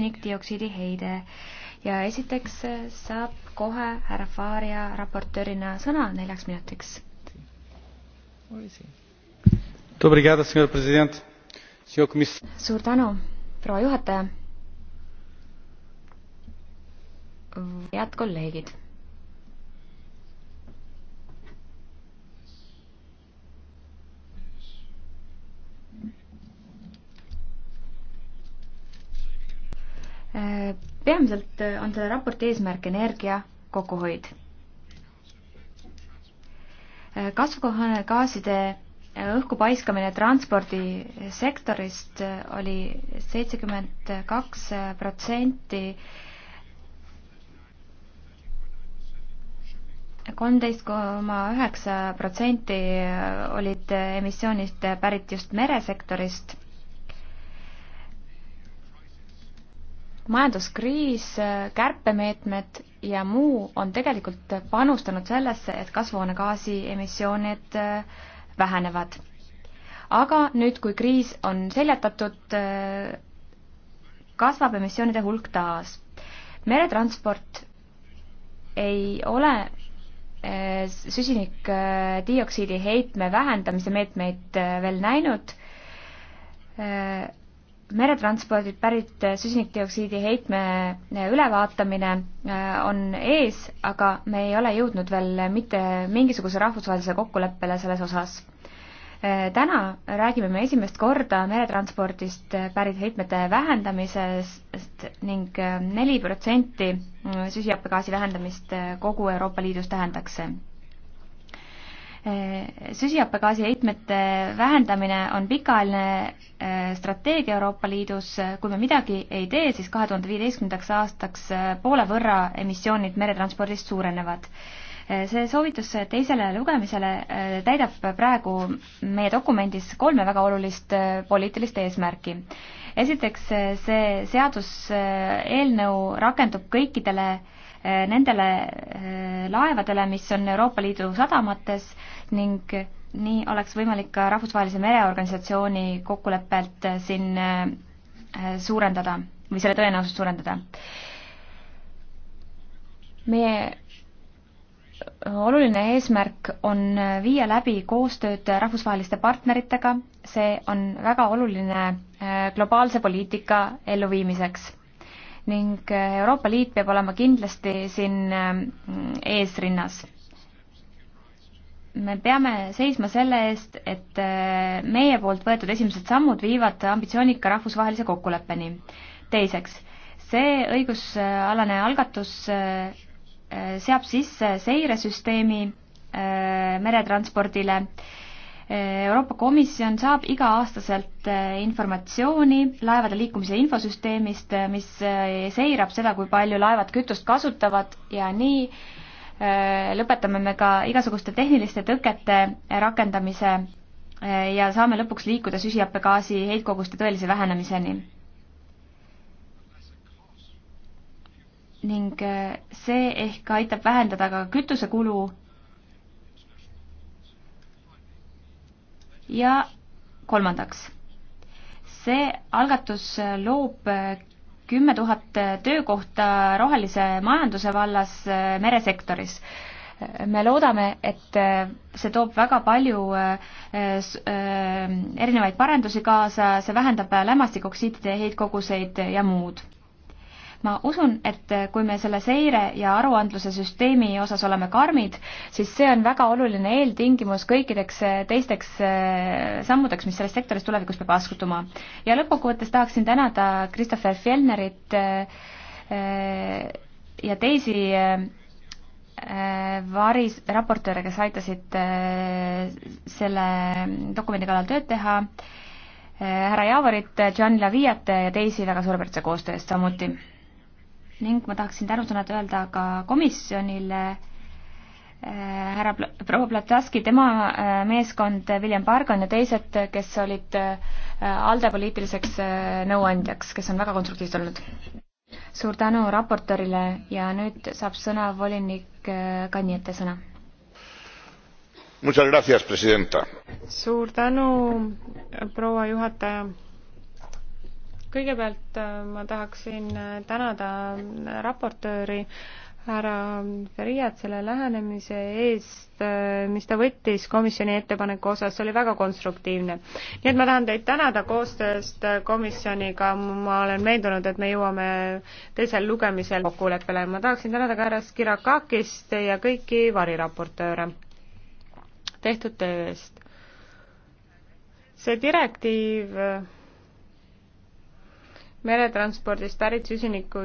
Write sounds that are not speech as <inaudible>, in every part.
süsinikdioksiidi heide. ja esiteks eh, saab kohe härra Faaria raportöörina sõna neljaks minutiks. suur tänu, proua juhataja. head kolleegid peamiselt äh, on selle raporti eesmärk energia kokkuhoid. Äh, kasvuhoonegaaside äh, õhku paiskamine transpordisektorist oli seitsekümmend kaks protsenti, kolmteist koma üheksa protsenti olid emissioonid pärit just meresektorist majanduskriis, kärpemeetmed ja muu on tegelikult panustanud sellesse, et kasvuhoonegaasi emissioonid äh, vähenevad. aga nüüd, kui kriis on seljatatud, äh, kasvab emissioonide hulk taas. meretransport ei ole äh, süsinikdioksiidi heitme vähendamise meetmeid veel näinud meretranspordilt pärit äh, süsinikdioksiidi heitme äh, ülevaatamine äh, on ees, aga me ei ole jõudnud veel mitte mingisuguse rahvusvahelise kokkuleppele selles osas. täna räägime me esimest korda meretranspordist pärit heitmete vähendamisest ning neli protsenti süsihappegaasi vähendamist kogu Euroopa Liidus tähendaks see Äh, süsihappegaasi heitmete vähendamine on pikaajaline äh, strateegia Euroopa Liidus, kui me midagi ei tee, siis kahe tuhande viieteistkümnendaks aastaks äh, poole võrra emissioonid meretranspordist suurenevad see soovitus teisele lugemisele täidab praegu meie dokumendis kolme väga olulist poliitilist eesmärki. esiteks, see seaduseelnõu rakendub kõikidele äh, Eh, nendele eh, laevadele, mis on Euroopa Liidu sadamates ning nii oleks võimalik ka Rahvusvahelise Mereorganisatsiooni kokkulepelt eh, siin suurendada või selle tõenäosust suurendada. meie oluline eesmärk on viia läbi koostööd rahvusvaheliste partneritega, see on väga oluline globaalse poliitika elluviimiseks ning äh, Euroopa Liit peab olema kindlasti siin äh, eesrinnas. me peame seisma selle eest, et äh, meie poolt võetud esimesed sammud viivad ambitsioonika rahvusvahelise kokkuleppeni. teiseks, see õigusalane algatus seab sisse seiresüsteemi meretranspordile äh, Euroopa Komisjon saab iga-aastaselt eh, informatsiooni laevade liikumise infosüsteemist, eh, mis eh, seirab seda, kui palju laevad kütust kasutavad ja nii lõpetame me ka igasuguste tehniliste tõkete rakendamise ja saame lõpuks liikuda süsihappegaasi heitkoguste tõelise vähenemiseni. ning see ehk aitab vähendada ka kütusekulu ja kolmandaks, see algatus loob kümme tuhat töökohta rohelise majanduse vallas eh, meresektoris me loodame, et eh, see toob väga palju eh, erinevaid parendusi kaasa, see vähendab lämmastikoksiidide heitkoguseid ja muud ma usun, et kui me selle seire ja aruandluse süsteemi osas oleme karmid, siis see on väga oluline eeltingimus kõikideks eh, teisteks eh, sammudeks, mis selles sektoris tulevikus peab astutuma. ja lõppkokkuvõttes tahaksin tänada Christopher Fjellnerit eh, ja teisi varis, raportööre, kes aitasid selle dokumendi kallal tööd teha, härra Javorit, John Laviat ja teisi väga suurepärase koostöö eest samuti ning ma tahaksin tänusõnad öelda ka komisjonile eh, härra proua Plataski, tema eh, meeskond, William Bargan ja teised, kes olid eh, ALDE poliitiliseks nõuandjaks, kes on väga konstruktiivsed olnud. suur tänu raportöörile ja nüüd saab sõna volinik Kanniete sõna. suur tänu, proua juhataja kõigepealt äh, ma tahaksin äh, tänada äh, raportööri härra Feriat selle lähenemise eest, mis ta võttis komisjoni ettepaneku osas, see oli väga konstruktiivne. nii et ma tahan teid tänada koostööst komisjoniga, ma olen veendunud, et me jõuame teisel lugemisel kokkuleppele. ma tahaksin tänada ka härra Skirakakist ja kõiki variraportööre tehtud töö eest. see direktiiv meretranspordist pärit süsiniku,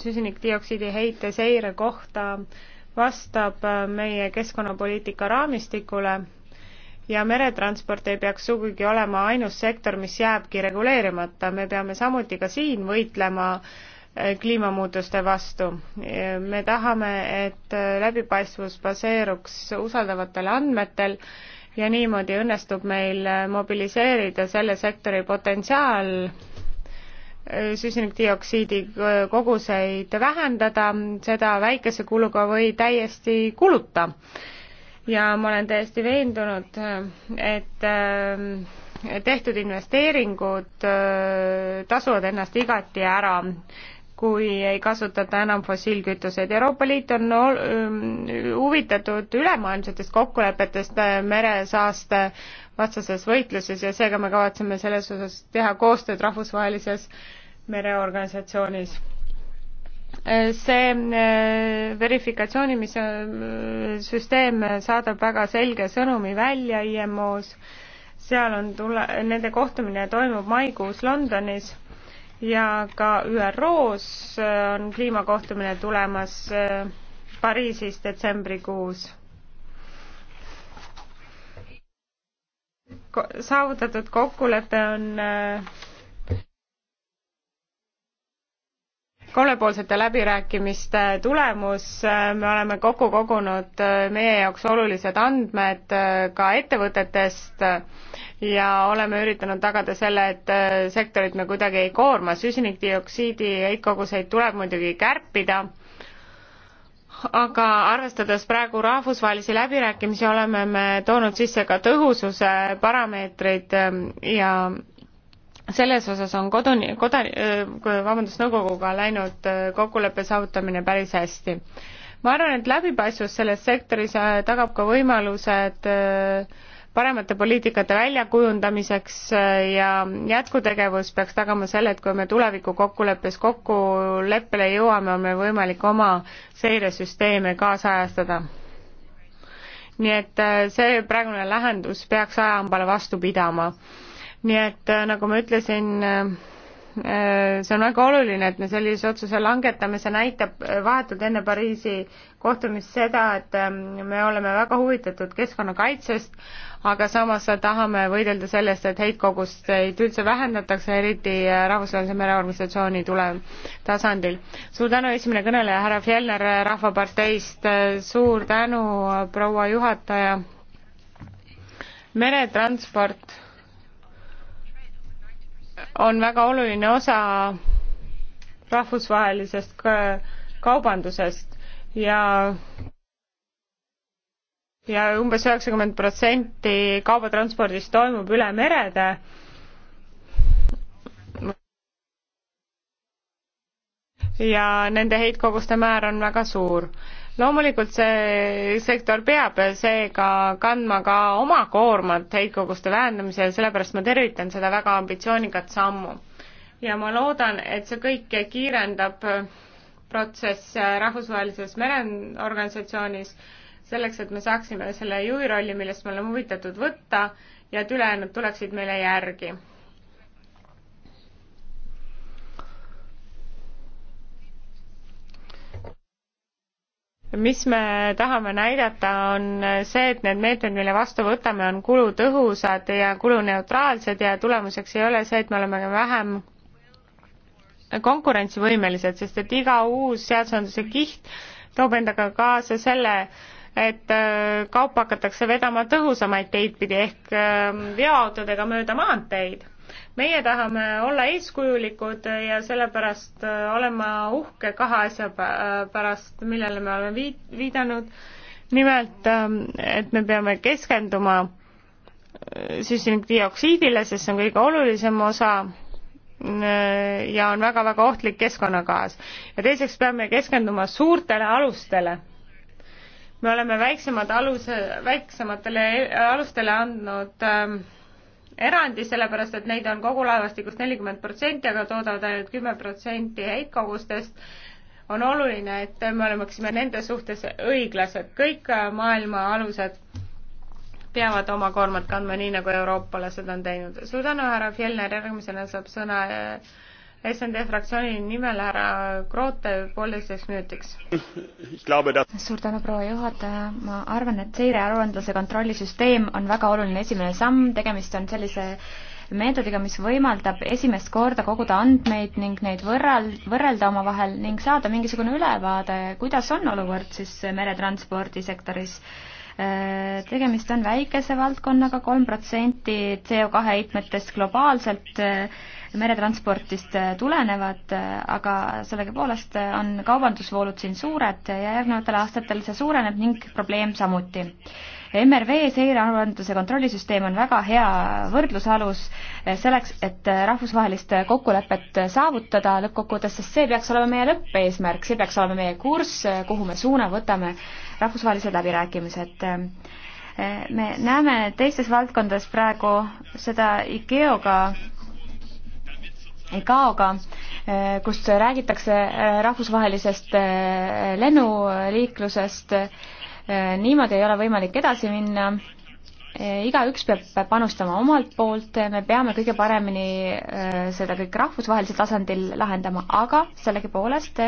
süsinikdioksiidi heite seire kohta vastab äh, meie keskkonnapoliitika raamistikule ja meretransport ei peaks sugugi olema ainus sektor, mis jääbki reguleerimata, me peame samuti ka siin võitlema äh, kliimamuutuste vastu. me tahame, et äh, läbipaistvus baseeruks usaldavatel andmetel ja niimoodi õnnestub meil mobiliseerida selle sektori potentsiaal süsinikdioksiidi koguseid vähendada, seda väikese kuluga või täiesti kuluta. ja ma olen täiesti veendunud, et ähm, tehtud investeeringud äh, tasuvad ennast igati ära kui ei kasutata enam fossiilkütuseid. Euroopa Liit on ähm, huvitatud ülemaailmsetest kokkulepetest äh, meresaaste vastases võitluses ja seega me kavatseme selles osas teha koostööd rahvusvahelises mereorganisatsioonis. Äh, see äh, verifikatsioonimissüsteem saadab väga selge sõnumi välja IMO-s, seal on tule, nende kohtumine toimub maikuus Londonis ja ka ÜRO-s äh, on kliimakohtumine tulemas äh, Pariisis detsembrikuus. saavutatud kokkulepe on äh, kolmepoolsete läbirääkimiste tulemus, me oleme kokku kogunud äh, meie jaoks olulised andmed äh, ka ettevõtetest äh, ja oleme üritanud tagada selle, et sektorit me kuidagi ei koorma, süsinikdioksiidi heitkoguseid tuleb muidugi kärpida, aga arvestades praegu rahvusvahelisi läbirääkimisi, oleme me toonud sisse ka tõhususe parameetrid ähm, ja selles osas on koduni-, koda-, vabandust, nõukoguga läinud kokkuleppe saavutamine päris hästi. ma arvan, et läbipaistvus selles sektoris äh, tagab ka võimalused paremate poliitikate väljakujundamiseks ja jätkutegevus peaks tagama selle, et kui me tuleviku kokkuleppes kokkuleppele jõuame, on meil võimalik oma seiresüsteeme kaasajastada. nii et see praegune lahendus peaks ajahambale vastu pidama nii et äh, nagu ma ütlesin, äh, äh, see on väga oluline, et me sellise otsuse langetame, see näitab vahetult enne Pariisi kohtumist seda, et ähm, me oleme väga huvitatud keskkonnakaitsest, aga samas tahame võidelda sellest, et heitkogusteid üldse vähendatakse, eriti Rahvusvahelise Mereorganisatsiooni tule tasandil. suur tänu, esimene kõneleja, härra Fjellner Rahvaparteist, suur tänu, proua juhataja. meretransport on väga oluline osa rahvusvahelisest kaubandusest ja ja umbes üheksakümmend protsenti kaubatranspordist toimub üle merede. ja nende heitkoguste määr on väga suur loomulikult see sektor peab seega kandma ka oma koormat heitkoguste vähendamisel, sellepärast ma tervitan seda väga ambitsioonikat sammu. ja ma loodan, et see kõik kiirendab protsess rahvusvahelises mereorganisatsioonis, selleks, et me saaksime selle juhi rolli, millest me oleme huvitatud võtta ja et ülejäänud tuleksid meile järgi mis me tahame näidata, on see, et need meetmed, mille vastu võtame, on kulutõhusad ja kuluneutraalsed ja tulemuseks ei ole see, et me oleme vähem konkurentsivõimelised, sest et iga uus seadusandluse kiht toob endaga kaasa selle, et äh, kaupa hakatakse vedama tõhusamaid teid pidi ehk äh, veoautodega mööda maanteid meie tahame olla eeskujulikud ja sellepärast äh, olen ma uhke kahe asja äh, pärast, millele me oleme viit-, viidanud. nimelt, ähm, et me peame keskenduma äh, süsinikdioksiidile, sest see on kõige olulisem osa ja on väga-väga ohtlik keskkonnagaas. ja teiseks peame keskenduma suurtele alustele me oleme väiksemad aluse, väiksematele alustele andnud ähm, erandi, sellepärast et neid on kogu laevastikust nelikümmend protsenti, aga toodavad ainult kümme protsenti heitkogustest, on oluline, et me oleksime nende suhtes õiglased. kõik äh, maailma alused peavad oma koormat kandma, nii nagu eurooplased on teinud. suur tänu, härra Fjellner, järgmisena saab sõna äh, SND fraktsiooni nimel härra Kroote pooleteiseks minutiks. suur tänu, proua juhataja, ma arvan, et seirearuandluse kontrollisüsteem on väga oluline esimene samm, tegemist on sellise meetodiga, mis võimaldab esimest korda koguda andmeid ning neid võrral-, võrrelda omavahel ning saada mingisugune ülevaade, kuidas on olukord siis meretranspordisektoris äh, tegemist on väikese valdkonnaga, kolm protsenti CO2 heitmetest globaalselt äh, meretransportist äh, tulenevad, äh, aga sellegipoolest äh, on kaubandusvoolud siin suured ja järgnevatel aastatel see suureneb ning probleem samuti. MRV seirearvanduse kontrollisüsteem on väga hea võrdlusalus selleks, et rahvusvahelist kokkulepet saavutada lõppkokkuvõttes, sest see peaks olema meie lõppeesmärk, see peaks olema meie kurss, kuhu me suuna võtame, rahvusvahelised läbirääkimised me näeme teistes valdkondades praegu seda IKEA-ga ICAO-ga, kus räägitakse äh, rahvusvahelisest äh, lennuliiklusest. Äh, niimoodi ei ole võimalik edasi minna Eh, igaüks peab panustama omalt poolt, eh, me peame kõige paremini eh, seda kõik rahvusvahelisel tasandil lahendama, aga sellegipoolest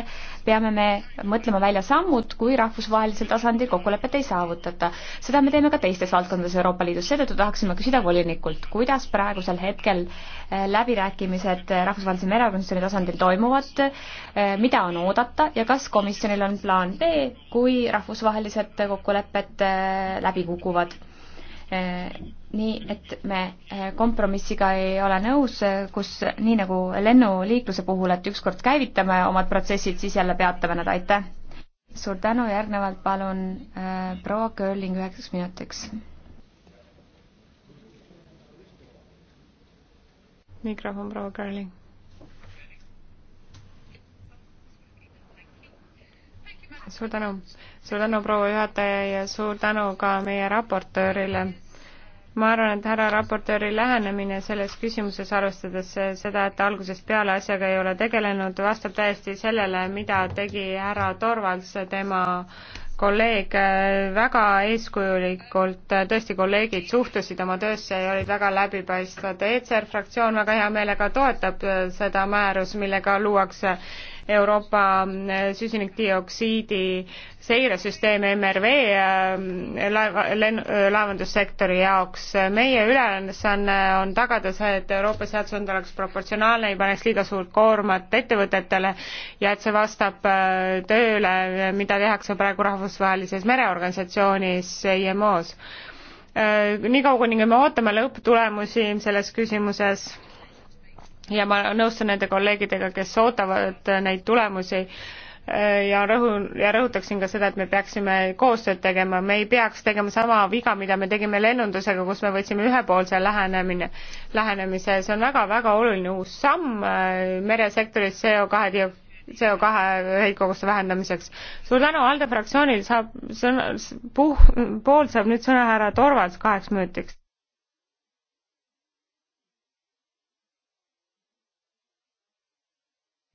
peame me mõtlema välja sammud, kui rahvusvahelisel tasandil kokkulepet ei saavutata. seda me teeme ka teistes valdkondades Euroopa Liidus, seetõttu tahaksime küsida volinikult, kuidas praegusel hetkel läbirääkimised rahvusvahelise mereorganisatsiooni tasandil toimuvad, mida on oodata ja kas komisjonil on plaan B, kui rahvusvahelised kokkulepped läbi kukuvad nii et me äh, kompromissiga ei ole nõus, äh, kus nii nagu lennuliikluse puhul, et ükskord käivitame omad protsessid, siis jälle peatame nad, aitäh! suur tänu, järgnevalt palun äh, proua Curling üheksaks minutiks. mikrofon proua Curling. suur tänu, suur tänu, proua juhataja ja suur tänu ka meie raportöörile ma arvan, et härra raportööri lähenemine selles küsimuses, arvestades seda, et algusest peale asjaga ei ole tegelenud, vastab täiesti sellele, mida tegi härra Torvalds, tema kolleeg, väga eeskujulikult, tõesti, kolleegid suhtusid oma töösse ja olid väga läbipaistvad. ECR fraktsioon väga hea meelega toetab seda määrus, millega luuakse Euroopa eh, süsinikdioksiidi seiresüsteem MRV eh, laeva, eh, laevandussektori jaoks. meie ülesanne on tagada see, et Euroopa seadusandlus oleks proportsionaalne, ei paneks liiga suurt koormat ettevõtetele ja et see vastab tööle, mida tehakse praegu rahvusvahelises mereorganisatsioonis IMO-s. niikaua, kuni me ootame lõpptulemusi selles küsimuses ja ma nõustun nende kolleegidega, kes ootavad neid tulemusi ja rõhun ja rõhutaksin ka seda, et me peaksime koostööd tegema, me ei peaks tegema sama viga, mida me tegime lennundusega, kus me võtsime ühepoolse lähenemine, lähenemise, see on väga-väga oluline uus samm äh, meresektoris CO2 dio-, CO2 heitkoguste vähendamiseks. suur tänu, ALDE fraktsioonil saab sõna, puh-, pool saab nüüd sõna härra Torvalds kaheks minutiks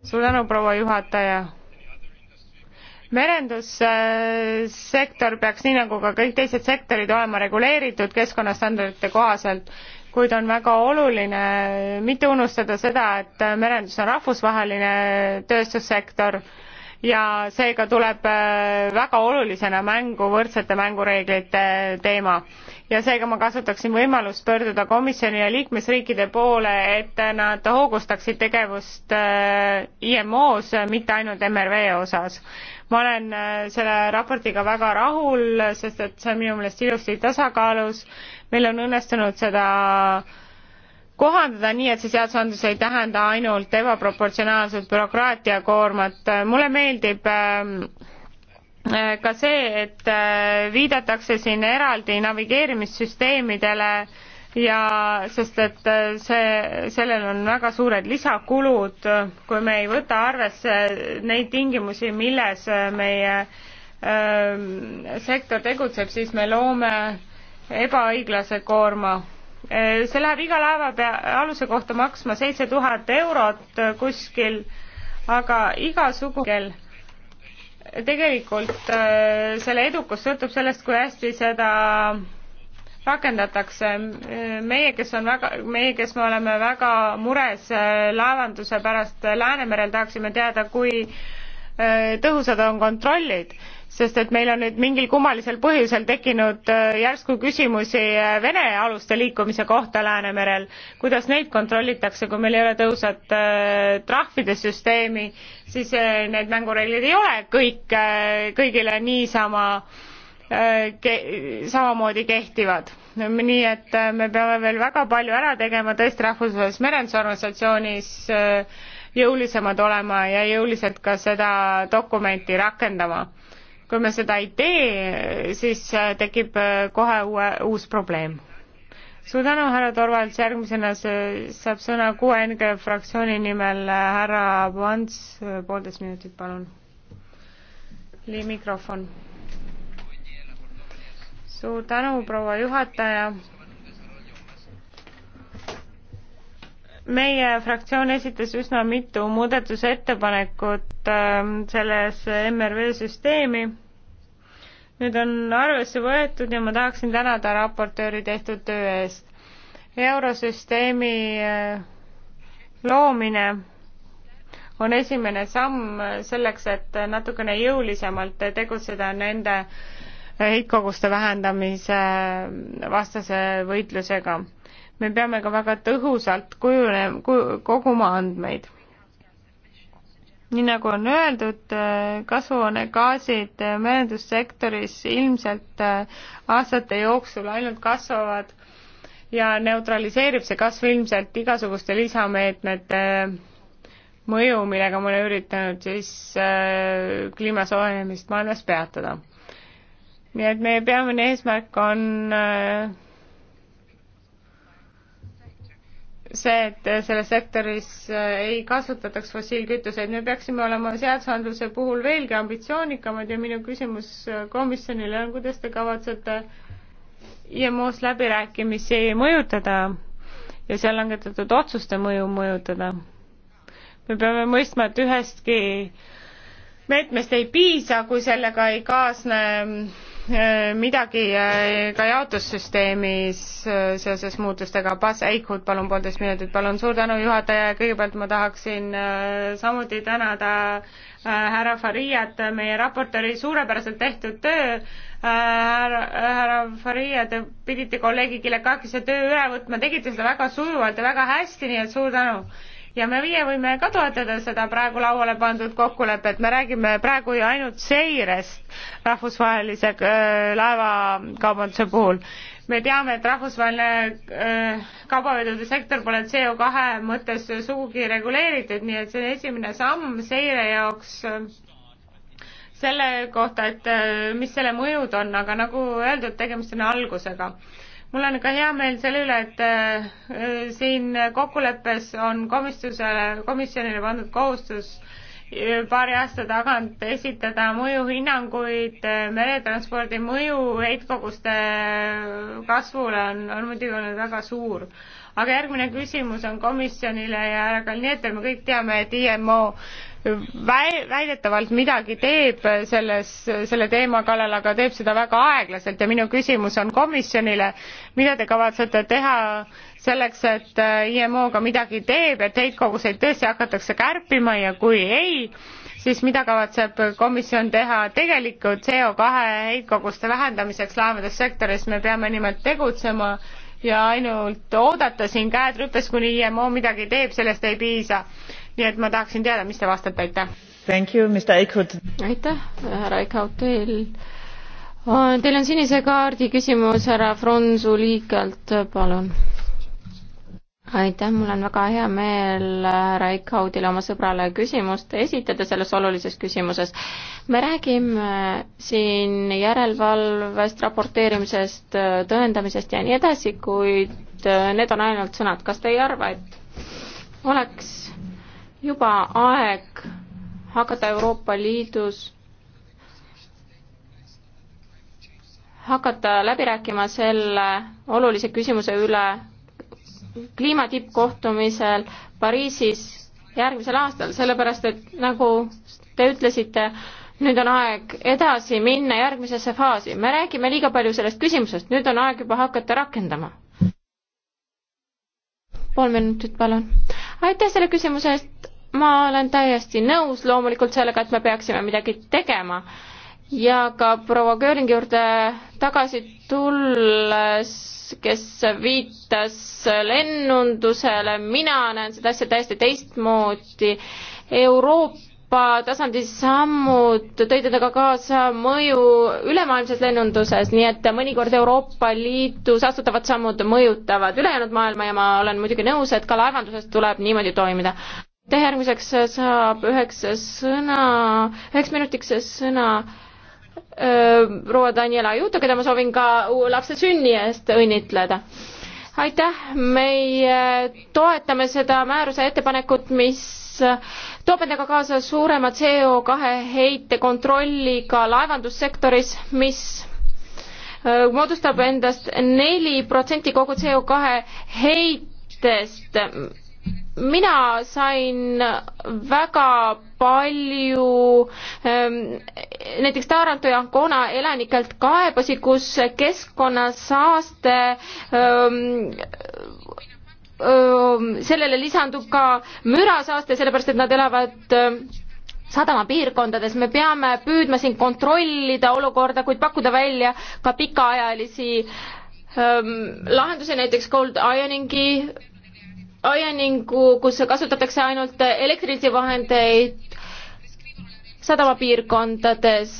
suur tänu, proua juhataja merendussektor peaks nii nagu ka kõik teised sektorid olema reguleeritud keskkonnastandardite kohaselt, kuid on väga oluline mitte unustada seda, et merendus on rahvusvaheline tööstussektor ja seega tuleb väga olulisena mängu võrdsete mängureeglite teema ja seega ma kasutaksin võimalust pöörduda komisjoni ja liikmesriikide poole, et nad hoogustaksid tegevust äh, IMO-s, mitte ainult MRV osas. ma olen äh, selle raportiga väga rahul, sest et see on minu meelest ilusti tasakaalus, meil on õnnestunud seda kohandada nii, et see seadusandlus ei tähenda ainult ebaproportsionaalset bürokraatiakoormat. mulle meeldib äh, Äh, ka see, et äh, viidatakse siin eraldi navigeerimissüsteemidele ja sest, et äh, see, sellel on väga suured lisakulud, kui me ei võta arvesse neid tingimusi, milles meie öö, ähm, sektor tegutseb, siis me loome ebaõiglase koorma. see läheb iga laeva pea, aluse kohta maksma seitse tuhat eurot kuskil, aga igasugune tegelikult äh, selle edukus sõltub sellest, kui hästi seda rakendatakse. meie, kes on väga, meie, kes me oleme väga mures äh, laevanduse pärast Läänemerel, tahaksime teada, kui äh, tõhusad on kontrollid sest et meil on nüüd mingil kummalisel põhjusel tekkinud äh, järsku küsimusi äh, Vene aluste liikumise kohta Läänemerel, kuidas neid kontrollitakse, kui meil ei ole tõhusat äh, trahvide süsteemi, siis need mängureeglid ei ole kõik, kõigile niisama ke-, samamoodi kehtivad. nii et me peame veel väga palju ära tegema tõesti rahvusvahelises merendusorganisatsioonis jõulisemad olema ja jõuliselt ka seda dokumenti rakendama kui me seda ei tee, siis äh, tekib äh, kohe uue, uus probleem. suur tänu, härra Torvalds, järgmisena saab sõna QNG fraktsiooni nimel äh, härra Vants, poolteist minutit, palun. lii mikrofon. suur tänu, proua juhataja meie fraktsioon esitas üsna mitu muudatusettepanekut ähm, selles MRV süsteemi. nüüd on arvesse võetud ja ma tahaksin tänada raportööri tehtud töö eest. eurosüsteemi äh, loomine on esimene samm selleks, et natukene jõulisemalt tegutseda nende heitkoguste vähendamise vastase võitlusega me peame ka väga tõhusalt kujune- ku,, koguma andmeid. nii nagu on öeldud, äh, kasvuhoonegaasid äh, merendussektoris ilmselt äh, aastate jooksul ainult kasvavad ja neutraliseerib see kasv ilmselt igasuguste lisameetmete mõju, millega me oleme üritanud siis äh, kliima soojenemist maailmas peatada. nii et meie peamine eesmärk on äh, see, et selles sektoris äh, ei kasutataks fossiilkütuseid, me peaksime olema seadusandluse puhul veelgi ambitsioonikamad ja minu küsimus äh, komisjonile on, kuidas te kavatsete IMO-s läbirääkimisi mõjutada ja seal langetatud otsuste mõju mõjutada. me peame mõistma, et ühestki meetmest ei piisa, kui sellega ei kaasne mm, Eh, midagi eh, ka jaotussüsteemis eh, seoses muutustega. Bas Eichhut, palun, poolteist minutit, palun. suur tänu, juhataja, ja kõigepealt ma tahaksin samuti tänada härra Fariat, meie raportööri, suurepäraselt tehtud töö. härra, härra Faria, te pidite kolleegi Kilekakise töö üle võtma, tegite seda väga sujuvalt ja väga hästi, nii et suur tänu ja me meie võime ka toetada seda praegu lauale pandud kokkulepet, me räägime praegu ju ainult seirest rahvusvahelise äh, laevakaubanduse puhul. me teame, et rahvusvaheline äh, kaubavedude sektor pole CO kahe mõttes sugugi reguleeritud, nii et see on esimene samm seire jaoks äh, selle kohta, et mis selle mõjud on, aga nagu öeldud, tegemist on algusega mul on ka hea meel selle üle, et äh, siin kokkuleppes on komistusele, komisjonile pandud kohustus äh, paari aasta tagant esitada mõjuhinnanguid äh, meretranspordi mõju heitkoguste kasvule on, on muidugi olnud väga suur. aga järgmine küsimus on komisjonile ja härra Kalnietel, me kõik teame, et IMO väidetavalt midagi teeb selles, selle teema kallal, aga teeb seda väga aeglaselt ja minu küsimus on komisjonile, mida te kavatsete teha selleks, et IMO ka midagi teeb, et heitkoguseid tõesti hakatakse kärpima ja kui ei, siis mida kavatseb komisjon teha tegeliku CO2 heitkoguste vähendamiseks laevandussektoris, me peame nimelt tegutsema ja ainult oodata siin käed rüpes, kuni IMO midagi teeb, sellest ei piisa nii et ma tahaksin teada, mis te vastate, aitäh. aitäh, härra Eichhout, teil Teil on sinise kaardi küsimus härra Fronsu liikelt, palun. aitäh, mul on väga hea meel härra Eichhaudile oma sõbrale küsimust esitada selles olulises küsimuses. me räägime siin järelevalvest, raporteerimisest, tõendamisest ja nii edasi, kuid need on ainult sõnad. kas te ei arva, et oleks juba aeg hakata Euroopa Liidus hakata läbi rääkima selle olulise küsimuse üle kliimatippkohtumisel Pariisis järgmisel aastal, sellepärast et nagu te ütlesite, nüüd on aeg edasi minna järgmisesse faasi. me räägime liiga palju sellest küsimusest, nüüd on aeg juba hakata rakendama. pool minutit, palun. aitäh selle küsimuse eest, ma olen täiesti nõus loomulikult sellega, et me peaksime midagi tegema ja ka proua Göringi juurde tagasi tulles, kes viitas lennundusele, mina näen seda asja täiesti teistmoodi. Euroopa tasandi sammud tõid endaga kaasa mõju ülemaailmses lennunduses, nii et mõnikord Euroopa Liidus astutavad sammud mõjutavad ülejäänud maailma ja ma olen muidugi nõus, et ka laevanduses tuleb niimoodi toimida aitäh, järgmiseks saab üheks sõna, üheks minutiks sõna proua Daniela Juto, keda ma soovin ka lapse sünni eest õnnitleda aitäh, meie toetame seda määruse ettepanekut, mis toob endaga kaasa suurema CO kahe heite kontrolliga laevandussektoris, mis moodustab endast neli protsenti kogu CO kahe heitest mina sain väga palju ähm, näiteks Taranto ja Ancona elanikelt kaebusi, kus keskkonnasaaste ähm, ähm, sellele lisandub ka mürasaaste, sellepärast et nad elavad sadamapiirkondades, me peame püüdma siin kontrollida olukorda, kuid pakkuda välja ka pikaajalisi lahendusi, näiteks cold ironingi aianingu, kus kasutatakse ainult elektrilisi vahendeid sadamapiirkondades.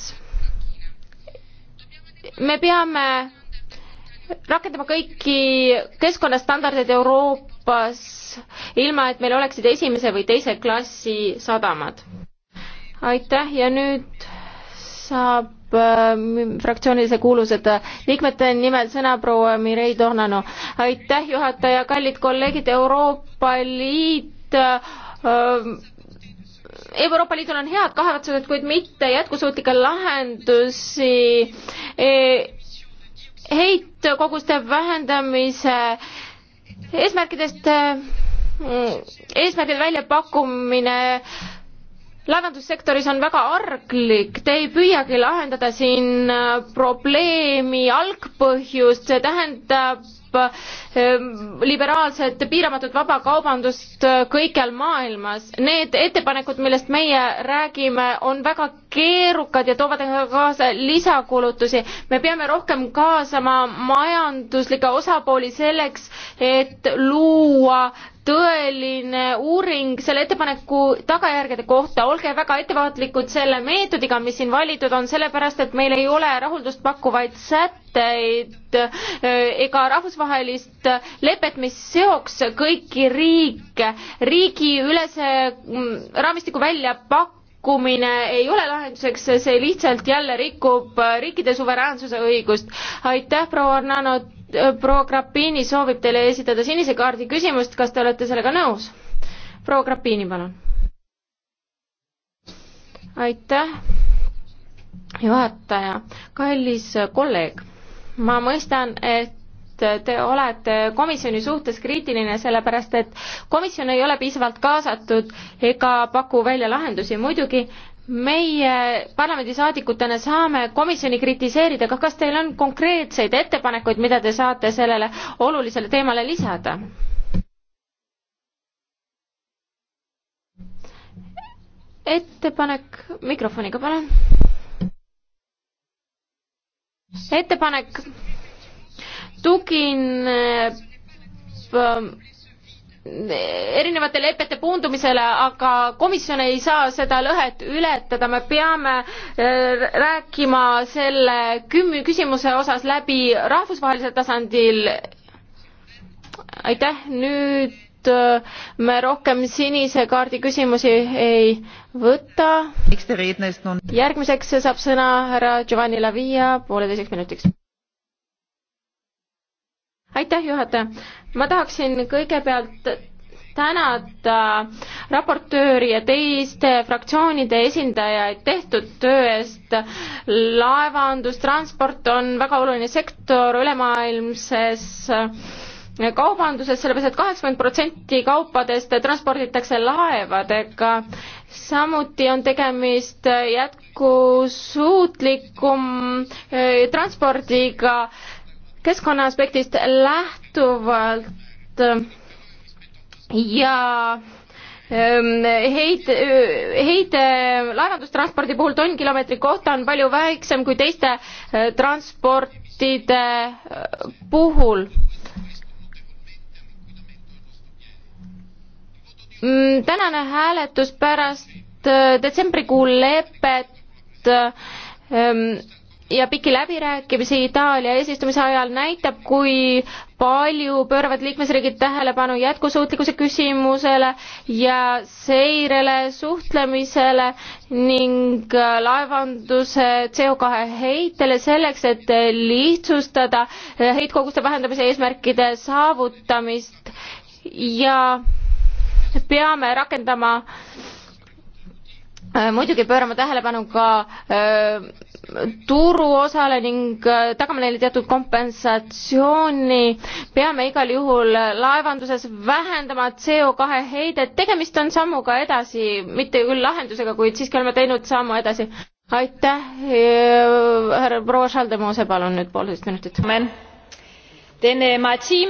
me peame rakendama kõiki keskkonnastandardeid Euroopas, ilma et meil oleksid esimese või teise klassi sadamad. aitäh ja nüüd saab Äh, fraktsioonilise kuulused liikmete nimel sõna proua Mirei Tornano. aitäh, juhataja, kallid kolleegid, Euroopa Liit äh, Euroopa Liidul on head kavatsused, kuid mitte jätkusuutlikke lahendusi e, heitkoguste vähendamise eesmärkidest, mm, eesmärgil väljapakkumine äh, laevandussektoris on väga arglik, te ei püüagi lahendada siin äh, probleemi algpõhjust, see tähendab ähm, liberaalset piiramatut vabakaubandust äh, kõikjal maailmas. Need ettepanekud, millest meie räägime, on väga keerukad ja toovad kaasa lisakulutusi. me peame rohkem kaasama majanduslikke osapooli selleks, et luua tõeline uuring selle ettepaneku tagajärgede kohta, olge väga ettevaatlikud selle meetodiga, mis siin valitud on, sellepärast et meil ei ole rahuldust pakkuvaid sätteid eh, ega rahvusvahelist lepet, mis seoks kõiki riike. riigiülese mm, raamistiku välja pakkuda sekkumine ei ole lahenduseks, see lihtsalt jälle rikub äh, riikide suveräänsuse õigust. aitäh, proua Arnano, äh, proua Grappini soovib teile esitada sinise kaardi küsimust, kas te olete sellega nõus? proua Grappini, palun. aitäh, juhataja. kallis kolleeg, ma mõistan, et et te olete komisjoni suhtes kriitiline, sellepärast et komisjon ei ole piisavalt kaasatud ega paku välja lahendusi, muidugi meie parlamendisaadikutena saame komisjoni kritiseerida, aga kas teil on konkreetseid ettepanekuid, mida te saate sellele olulisele teemale lisada? ettepanek mikrofoniga, palun. ettepanek tugineb äh, erinevate lepete puundumisele, aga komisjon ei saa seda lõhet ületada, me peame äh, rääkima selle küm-, küsimuse osas läbi rahvusvahelisel tasandil. aitäh, nüüd äh, me rohkem sinise kaardi küsimusi ei võta. järgmiseks saab sõna härra Giovanni Lavia pooleteiseks minutiks aitäh, juhataja. ma tahaksin kõigepealt tänada raportööri ja teiste fraktsioonide esindajaid tehtud töö eest. laevandus, transport on väga oluline sektor ülemaailmses kaubanduses, sellepärast et kaheksakümmend protsenti kaupadest transporditakse laevadega. samuti on tegemist jätkusuutlikum eh, transpordiga keskkonna aspektist lähtuvalt ja ähm, heit, heide laevandustranspordi puhul tonn kilomeetri kohta on palju väiksem kui teiste äh, transportide äh, puhul. Mm, tänane hääletus pärast äh, detsembrikuu lepet ähm, ja pikki läbirääkimisi Itaalia eesistumise ajal näitab, kui palju pööravad liikmesriigid tähelepanu jätkusuutlikkuse küsimusele ja seirele, suhtlemisele ning laevanduse CO2 heitele selleks, et lihtsustada heitkoguste vähendamise eesmärkide saavutamist ja peame rakendama Äh, muidugi pöörama tähelepanu ka äh, turuosale ning äh, tagame neile teatud kompensatsiooni. peame igal juhul laevanduses vähendama CO2 heidet, tegemist on sammuga edasi, mitte küll lahendusega, kuid siiski oleme teinud sammu edasi. aitäh, härra proua Schaldemose, palun nüüd poolteist minutit. Øh,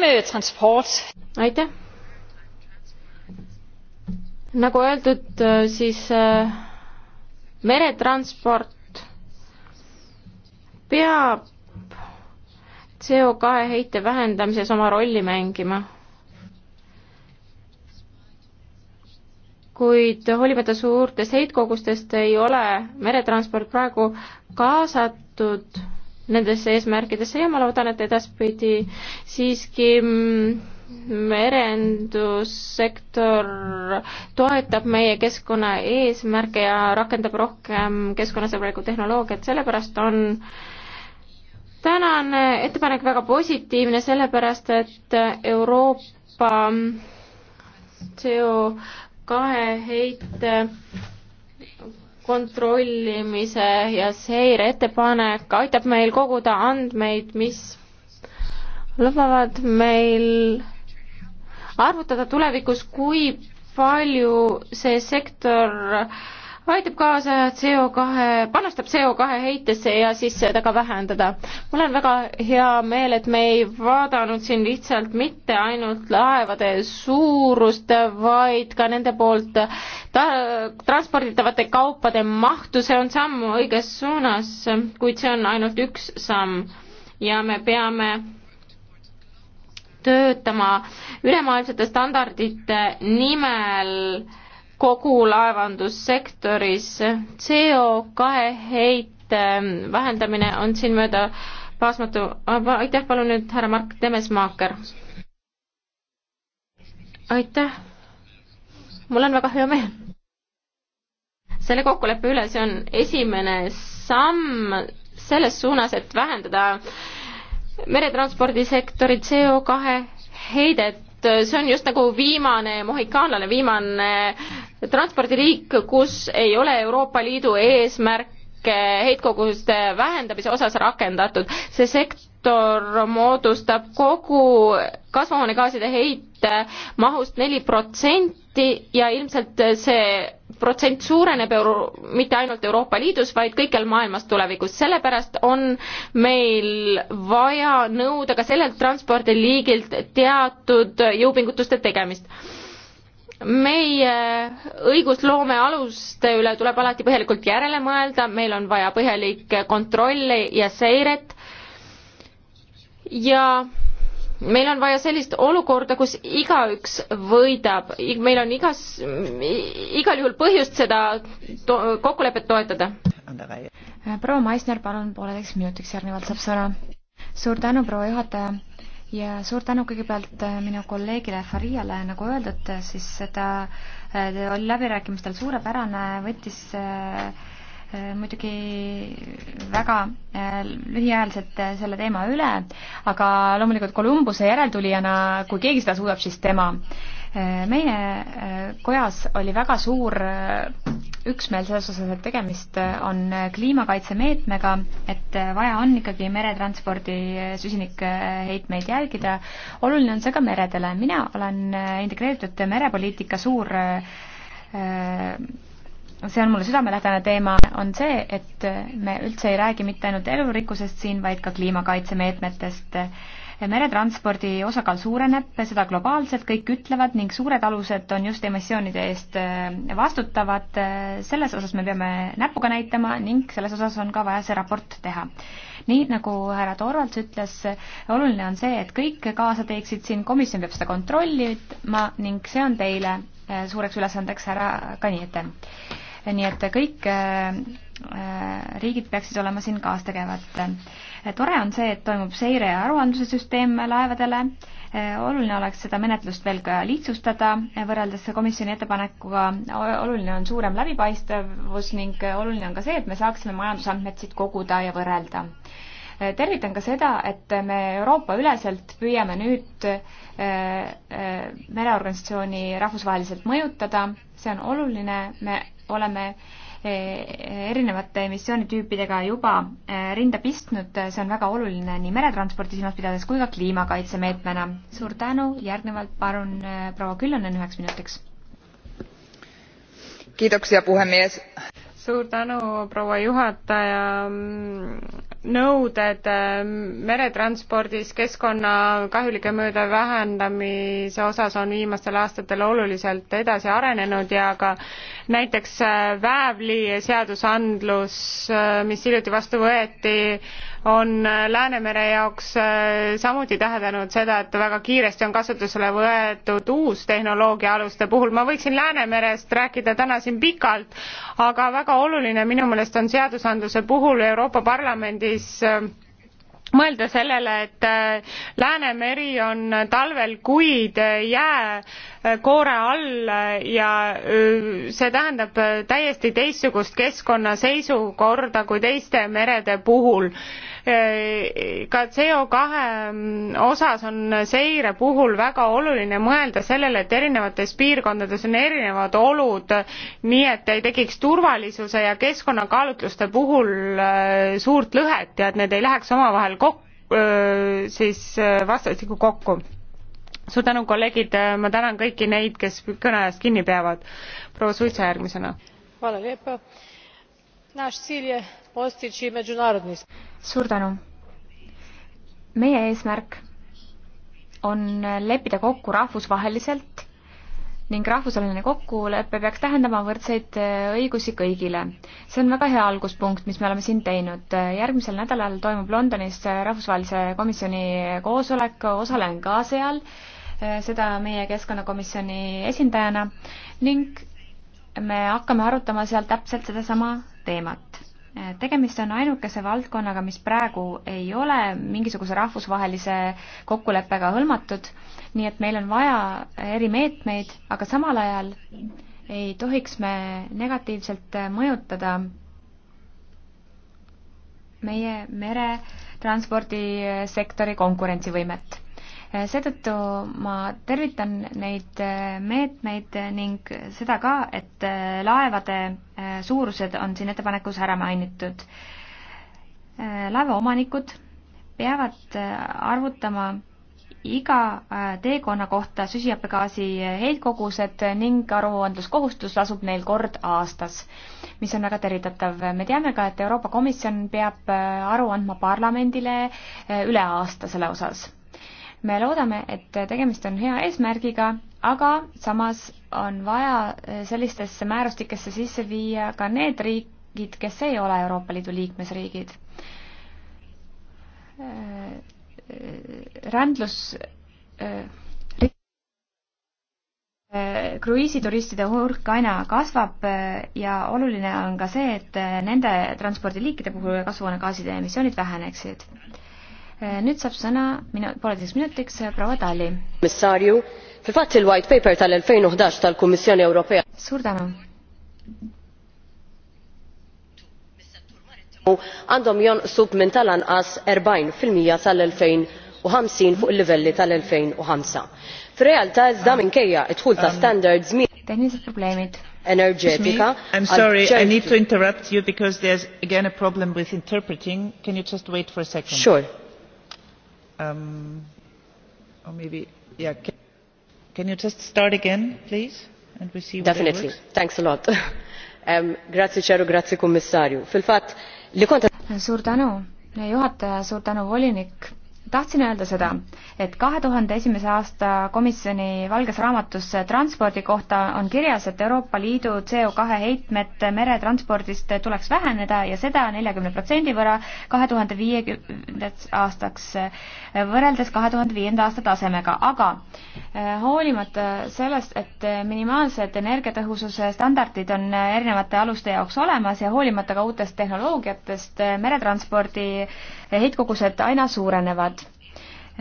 øh, aitäh. nagu öeldud, siis äh, meretransport peab CO kahe heite vähendamises oma rolli mängima. kuid hoolimata suurtest heitkogustest ei ole meretransport praegu kaasatud nendesse eesmärkidesse ja ma loodan, et edaspidi siiski mm, merendussektor toetab meie keskkonna eesmärke ja rakendab rohkem keskkonnasõbralikku tehnoloogiat, sellepärast on tänane ettepanek väga positiivne, sellepärast et Euroopa CO kahe heite kontrollimise ja seire ettepanek aitab meil koguda andmeid, mis lubavad meil arvutada tulevikus, kui palju see sektor aitab kaasa CO2, panustab CO2 heitesse ja siis seda ka vähendada. mul on väga hea meel, et me ei vaadanud siin lihtsalt mitte ainult laevade suurust, vaid ka nende poolt ta-, transporditavate kaupade mahtu, see on samm õiges suunas, kuid see on ainult üks samm ja me peame töötama ülemaailmsete standardite nimel kogu laevandussektoris. CO kahe heite vähendamine on siin mööda paasmatu, aitäh, palun nüüd härra Mark Temesmaaker. aitäh, mul on väga hea meel selle kokkuleppe üle, see on esimene samm selles suunas, et vähendada äh, meretranspordisektori CO kahe heidet, see on just nagu viimane mohikaanlane, viimane transpordiliik, kus ei ole Euroopa Liidu eesmärke heitkoguste vähendamise osas rakendatud. see sekt-, sektor moodustab kogu kasvuhoonegaaside heite mahust neli protsenti ja ilmselt see protsent suureneb euro-, mitte ainult Euroopa Liidus, vaid kõikjal maailmas tulevikus. sellepärast on meil vaja nõuda ka sellelt transpordiliigilt teatud jõupingutuste tegemist meie õigusloome aluste üle tuleb alati põhjalikult järele mõelda, meil on vaja põhjalikke kontrolle ja seiret ja meil on vaja sellist olukorda, kus igaüks võidab, meil on igas, igal juhul põhjust seda to kokkulepet toetada. proua Maisner, palun pooleteiseks minutiks järgnevalt saab sõna. suur tänu, proua juhataja ja suur tänu kõigepealt äh, minu kolleegile Fariale, nagu öeldud, äh, siis ta äh, oli läbirääkimistel suurepärane, võttis äh, Äh, muidugi väga äh, lühiajaliselt äh, selle teema üle, aga loomulikult Kolumbuse järeltulijana, kui keegi seda suudab, siis tema. meie kojas oli väga suur üksmeel selles osas, et tegemist on kliimakaitsemeetmega, et vaja on ikkagi meretranspordi süsinikheitmeid jälgida. oluline on see ka meredele. mina olen integreeritud merepoliitika suur see on mulle südamelähedane teema, on see, et me üldse ei räägi mitte ainult elurikkusest siin, vaid ka kliimakaitsemeetmetest. meretranspordi osakaal suureneb, seda globaalselt kõik ütlevad ning suured alused on just emissioonide eest äh, vastutavad. selles osas me peame näpuga näitama ning selles osas on ka vaja see raport teha nii nagu härra Torvalds ütles, oluline on see, et kõik kaasa teeksid siin, komisjon peab seda kontrollima ning see on teile äh, suureks ülesandeks, härra Kaniete nii et kõik äh, riigid peaksid olema siin kaastegevad. Äh, tore on see, et toimub seire ja aruandluse süsteem laevadele, äh, oluline oleks seda menetlust veel ka lihtsustada võrreldes komisjoni ettepanekuga, oluline on suurem läbipaistvus ning oluline on ka see, et me saaksime majandusandmed siit koguda ja võrrelda tervitan ka seda, et me Euroopa-üleselt püüame nüüd äh, äh, mereorganisatsiooni rahvusvaheliselt mõjutada, see on oluline, me oleme äh, erinevate emissioonitüüpidega juba rinda pistnud, see on väga oluline nii meretransporti silmas pidades kui ka kliimakaitsemeetmena. suur tänu, järgnevalt palun proua Küllonen üheks minutiks. kiitoksia, puhemees suur tänu, proua juhataja. nõuded ähm, meretranspordis keskkonnakahjulike mööda vähendamise osas on viimastel aastatel oluliselt edasi arenenud ja ka näiteks äh, väävli seadusandlus, äh, mis hiljuti vastu võeti, on äh, Läänemere jaoks äh, samuti tähendanud seda, et väga kiiresti on kasutusele võetud uus tehnoloogia aluste puhul. ma võiksin Läänemerest rääkida täna siin pikalt, aga väga oluline minu meelest on seadusandluse puhul Euroopa Parlamendis äh, mõelda sellele, et Läänemeri on talvel kuid jääkoore all ja see tähendab täiesti teistsugust keskkonna seisukorda kui teiste merede puhul ka CO kahe osas on seire puhul väga oluline mõelda sellele, et erinevates piirkondades on erinevad olud, nii et ei tekiks turvalisuse ja keskkonnakaalutluste puhul äh, suurt lõhet ja et need ei läheks omavahel kokku, äh, siis äh, vastastikku kokku suur tänu, kolleegid, ma tänan kõiki neid, kes kõne ajast kinni peavad. proua Suitsa järgmisena naš cilj je postići međunarodni suur tänu meie eesmärk on leppida kokku rahvusvaheliselt ning rahvusvaheline kokkulepe peaks tähendama võrdseid eh, õigusi kõigile. see on väga hea alguspunkt, mis me oleme siin teinud. järgmisel nädalal toimub Londonis eh, rahvusvahelise komisjoni koosolek, osalen ka seal, eh, seda meie keskkonnakomisjoni esindajana ning me hakkame arutama seal täpselt sedasama teemat. tegemist on ainukese valdkonnaga, mis praegu ei ole mingisuguse rahvusvahelise kokkuleppega hõlmatud, nii et meil on vaja erimeetmeid, aga samal ajal ei tohiks me negatiivselt mõjutada meie meretranspordisektori konkurentsivõimet seetõttu ma tervitan neid äh, meetmeid ning seda ka, et äh, laevade äh, suurused on siin ettepanekus ära mainitud. laevaomanikud peavad arvutama iga teekonna kohta süsihappegaasi heitkogused ning aruandluskohustus lasub neil kord aastas, mis on väga tervitatav. me teame ka, et Euroopa Komisjon peab aru andma parlamendile üle aasta selle osas me loodame, et tegemist on hea eesmärgiga, aga samas on vaja eh, sellistesse määrustikesse sisse viia ka need riigid, kes ei ole Euroopa Liidu liikmesriigid. Eh, rändlus eh, kruiisituristide hulk aina kasvab ja oluline on ka see, et nende transpordiliikide puhul kasvuhoonegaaside emissioonid väheneksid Eh, nüüd saab sõna minu, pooleteiseks minutiks eh, proua Tali. fil-fatt il-white paper tal-2011 tal-Kummissjoni Ewropea. suur tänu. għandhom jonqsu minn tal-anqas 40 fil-mija tal-2050 fuq il-livelli tal-2005. Fir-realtà iżda minkejja id-dħul ta' um, standards Tehnilised probleemid energetika. I'm sorry, I need to interrupt you because there's again a problem with interpreting. Can you just wait for a second? Sure. Um, or maybe, yeah. Can, can you just start again, please? And we see Definitely. Thanks a lot. <laughs> um, grazie, Cero, grazie, Commissario. Fil-fat, li konta... Suur tänu, juhataja, suur tänu, volinik tahtsin öelda seda, et kahe tuhande esimese aasta komisjoni valges raamatus transpordi kohta on kirjas, et Euroopa Liidu CO2 heitmed meretranspordist tuleks väheneda ja seda neljakümne protsendi võrra kahe tuhande viiekümnendaks aastaks võrreldes kahe tuhande viienda aasta tasemega, aga eh, hoolimata sellest, et minimaalsed energiatõhususe standardid on erinevate aluste jaoks olemas ja hoolimata ka uutest tehnoloogiatest, meretranspordi heitkogused aina suurenevad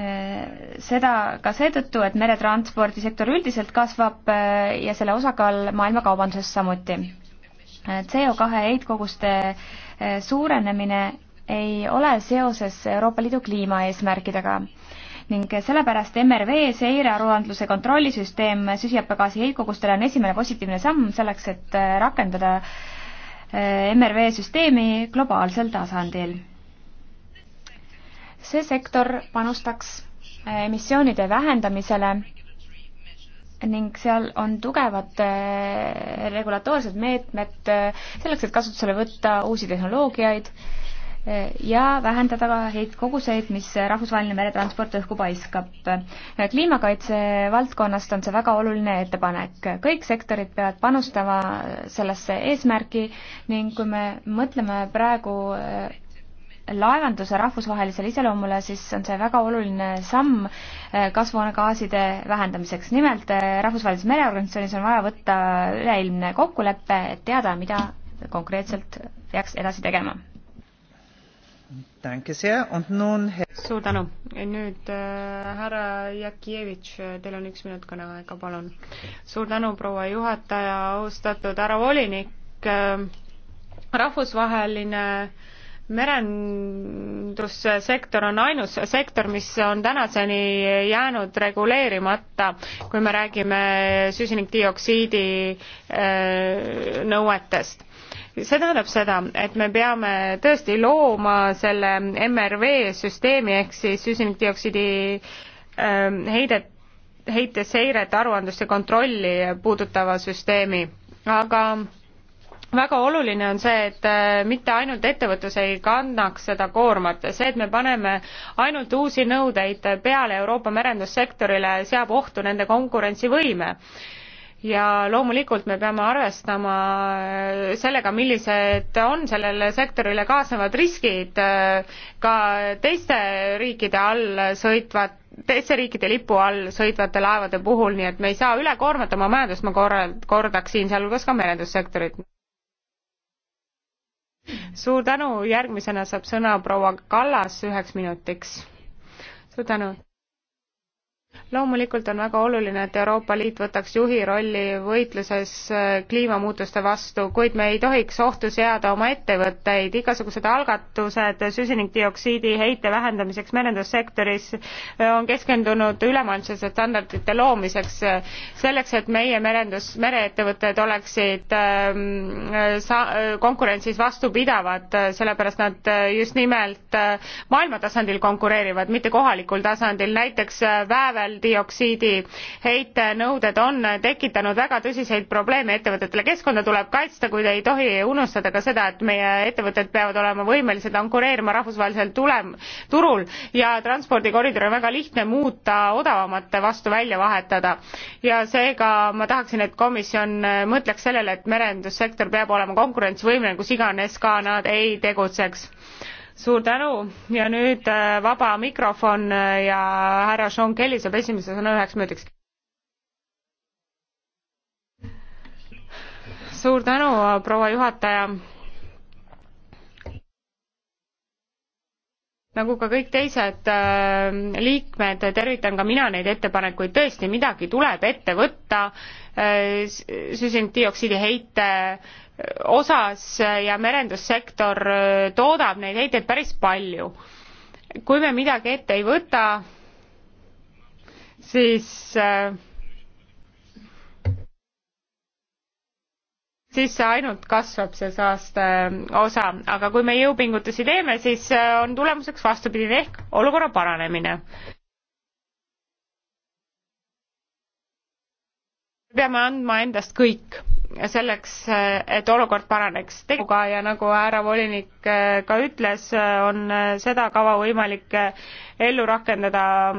Äh, seda ka seetõttu, et meretranspordisektor üldiselt kasvab äh, ja selle osakaal maailma kaubanduses samuti. Äh, CO2 heitkoguste suurenemine ei ole seoses Euroopa Liidu kliimaeesmärkidega ning sellepärast MRV seirearuandluse kontrollisüsteem süsihappegaasi heitkogustele on esimene positiivne samm selleks, et rakendada MRV süsteemi globaalsel tasandil see sektor panustaks eh, emissioonide vähendamisele ning seal on tugevad eh, regulatoorsed meetmed eh, selleks, et kasutusele võtta uusi tehnoloogiaid ja vähendada ka heitkoguseid, mis rahvusvaheline meretransport õhku paiskab. kliimakaitse valdkonnast on see väga oluline ettepanek. kõik sektorid peavad panustama sellesse eesmärki ning kui me mõtleme praegu laevanduse rahvusvahelisele iseloomule, siis on see väga oluline samm eh, kasvuhoonegaaside vähendamiseks. nimelt eh, Rahvusvahelises Mereorganisatsioonis on vaja võtta üleilmne kokkulepe, et teada, mida konkreetselt peaks edasi tegema. suur tänu. nüüd äh, härra Jakijevitš, teil on üks minut kõneaega, palun. suur tänu, proua juhataja, austatud härra volinik äh,. rahvusvaheline äh, merendussektor on ainus sektor, mis on tänaseni jäänud reguleerimata, kui me räägime süsinikdioksiidi äh, nõuetest. see tähendab seda, et me peame tõesti looma selle MRV süsteemi ehk siis süsinikdioksiidi ähm, heidet, heiteseiret, aruandlust ja kontrolli puudutava süsteemi, aga väga oluline on see, et äh, mitte ainult ettevõtlus ei kannaks seda koormat, see, et me paneme ainult uusi nõudeid peale Euroopa merendussektorile, seab ohtu nende konkurentsivõime. ja loomulikult me peame arvestama äh, sellega, millised on sellele sektorile kaasnevad riskid äh, ka teiste riikide all sõitvat teiste riikide lipu all sõitvate laevade puhul, nii et me ei saa üle koormata oma majandust, ma korra, kordaksin sealhulgas ka merendussektorit suur tänu, järgmisena saab sõna proua Kallas üheks minutiks. suur tänu loomulikult on väga oluline, et Euroopa Liit võtaks juhi rolli võitluses äh, kliimamuutuste vastu, kuid me ei tohiks ohtu seada oma ettevõtteid. igasugused algatused süsinikdioksiidi heite vähendamiseks merendussektoris äh, on keskendunud ülemaailmsete standardite loomiseks, äh, selleks, et meie merendus, mereettevõtted oleksid ähm, sa-, konkurentsis vastupidavad, sellepärast nad just nimelt maailma tasandil konkureerivad, mitte kohalikul tasandil, näiteks vääve vääveldioksiidi heitenõuded on tekitanud väga tõsiseid probleeme ettevõtetele. keskkonda tuleb kaitsta, kuid ei tohi unustada ka seda, et meie ettevõtted peavad olema võimelised konkureerima rahvusvahelisel tulem, turul ja transpordikoridor on väga lihtne muuta odavamate vastu välja vahetada. ja seega ma tahaksin, et komisjon mõtleks sellele, et merendussektor peab olema konkurentsivõimeline, kus iganes ka nad ei tegutseks suur tänu ja nüüd äh, vaba mikrofon äh, ja härra Sean Kelly saab esimese sõna üheks minutiks. suur tänu, proua juhataja nagu ka kõik teised äh, liikmed, tervitan ka mina neid ettepanekuid, tõesti midagi tuleb ette võtta, süsinikdioksiidi heite osas ja merendussektor äh, toodab neid heiteid päris palju. kui me midagi ette ei võta, siis äh, siis see ainult kasvab, see saaste äh, osa, aga kui me jõupingutusi teeme, siis on tulemuseks vastupidine ehk olukorra paranemine. peame andma endast kõik selleks, et olukord paraneks. teguga ja nagu härra volinik äh, ka ütles, äh, on äh, seda kava võimalik ellu rakendada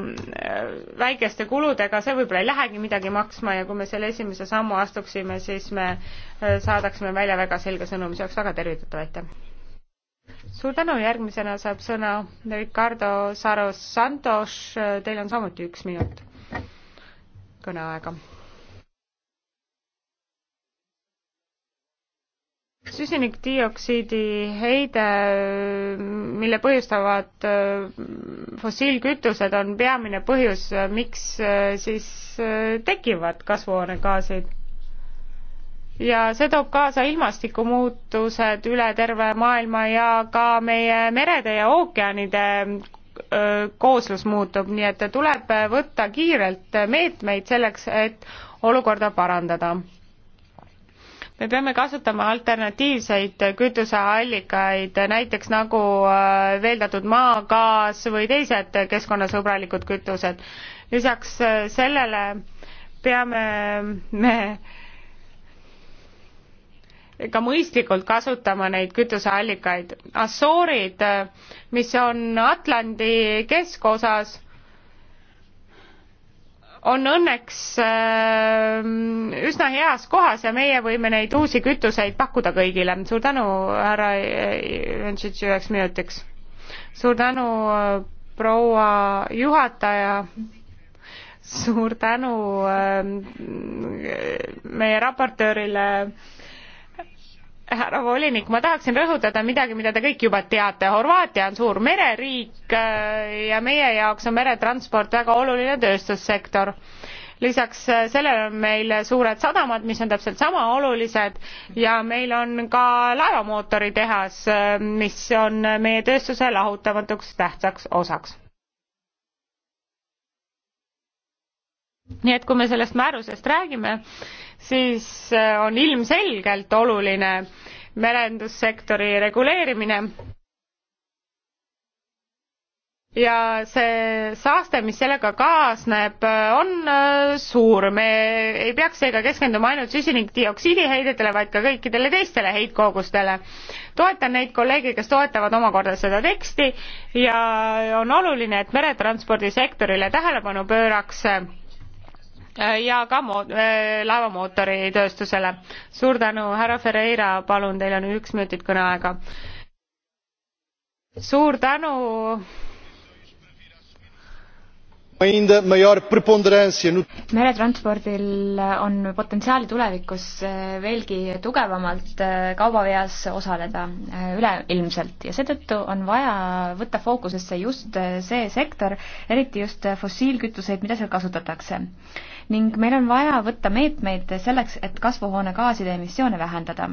väikeste kuludega, see võib-olla ei lähegi midagi maksma ja kui me selle esimese sammu astuksime, siis me saadaksime välja väga selge sõnumi, see oleks väga tervitatav, aitäh! suur tänu, järgmisena saab sõna Ricardo Saros Santos, teil on samuti üks minut kõneaega süsinikdioksiidi heide, mille põhjustavad äh, fossiilkütused, on peamine põhjus, äh, miks äh, siis tekivad kasvuhoonegaasid. ja see toob kaasa ilmastikumuutused üle terve maailma ja ka meie merede ja ookeanide kooslus muutub, nii et tuleb võtta kiirelt meetmeid selleks, et olukorda parandada me peame kasutama alternatiivseid kütuseallikaid, näiteks nagu äh, veeldatud maagaas või teised keskkonnasõbralikud kütused. lisaks äh, sellele peame me ka mõistlikult kasutama neid kütuseallikaid. Assoorid, äh, mis on Atlandi keskosas on õnneks ähm, üsna heas kohas ja meie võime neid uusi kütuseid pakkuda kõigile. suur tänu, härra Jönšitš, üheks minutiks. suur tänu, äh, proua juhataja suur tänu ähm, meie raportöörile härra volinik, ma tahaksin rõhutada midagi, mida te kõik juba teate. Horvaatia on suur mereriik äh, ja meie jaoks on meretransport väga oluline tööstussektor. lisaks äh, sellele on meil suured sadamad, mis on täpselt sama olulised ja meil on ka laevamootoritehas, äh, mis on meie tööstuse lahutamatuks tähtsaks osaks. nii et kui me sellest määrusest räägime, siis äh, on ilmselgelt oluline merendussektori reguleerimine. ja see saaste, mis sellega kaasneb, äh, on äh, suur, me ei peaks seega keskenduma ainult süsinikdioksiidi heidetele, vaid ka kõikidele teistele heitkogustele. toetan neid kolleege, kes toetavad omakorda seda teksti ja on oluline, et meretranspordisektorile tähelepanu pööraks Äh, ja ka mo-, äh, laevamootoritööstusele. suur tänu, härra Ferreira, palun, teil on üks minutit kõneaega. suur tänu ainda maior preponderância no meretranspordil on potentsiaali tulevikus eh, veelgi tugevamalt eh, kaubaveas osaleda eh, üleilmselt ja seetõttu on vaja võtta fookusesse just see sektor, eriti just fossiilkütuseid, mida seal kasutatakse. ning meil on vaja võtta meetmeid selleks, et kasvuhoonegaaside emissioone vähendada